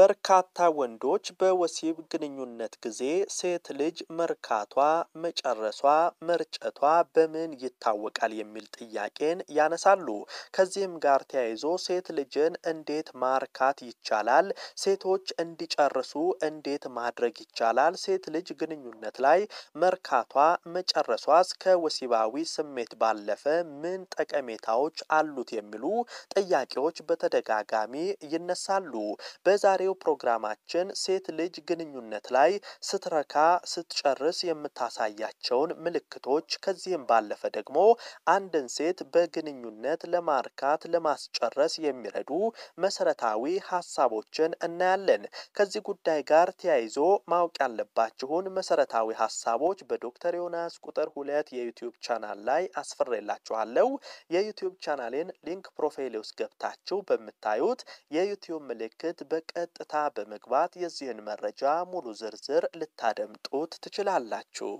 በርካታ ወንዶች በወሲብ ግንኙነት ጊዜ ሴት ልጅ መርካቷ፣ መጨረሷ፣ መርጨቷ በምን ይታወቃል የሚል ጥያቄን ያነሳሉ። ከዚህም ጋር ተያይዞ ሴት ልጅን እንዴት ማርካት ይቻላል? ሴቶች እንዲጨርሱ እንዴት ማድረግ ይቻላል? ሴት ልጅ ግንኙነት ላይ መርካቷ፣ መጨረሷስ ከወሲባዊ ስሜት ባለፈ ምን ጠቀሜታዎች አሉት? የሚሉ ጥያቄዎች በተደጋጋሚ ይነሳሉ። በዛሬው በዛሬው ፕሮግራማችን ሴት ልጅ ግንኙነት ላይ ስትረካ ስትጨርስ የምታሳያቸውን ምልክቶች ከዚህም ባለፈ ደግሞ አንድን ሴት በግንኙነት ለማርካት ለማስጨረስ የሚረዱ መሰረታዊ ሀሳቦችን እናያለን። ከዚህ ጉዳይ ጋር ተያይዞ ማወቅ ያለባችሁን መሰረታዊ ሀሳቦች በዶክተር ዮናስ ቁጥር ሁለት የዩቲዩብ ቻናል ላይ አስፈሬላችኋለሁ። የዩቲዩብ ቻናሌን ሊንክ ፕሮፋይል ውስጥ ገብታችሁ በምታዩት የዩቲዩብ ምልክት በቀ ቀጥታ በመግባት የዚህን መረጃ ሙሉ ዝርዝር ልታደምጡት ትችላላችሁ።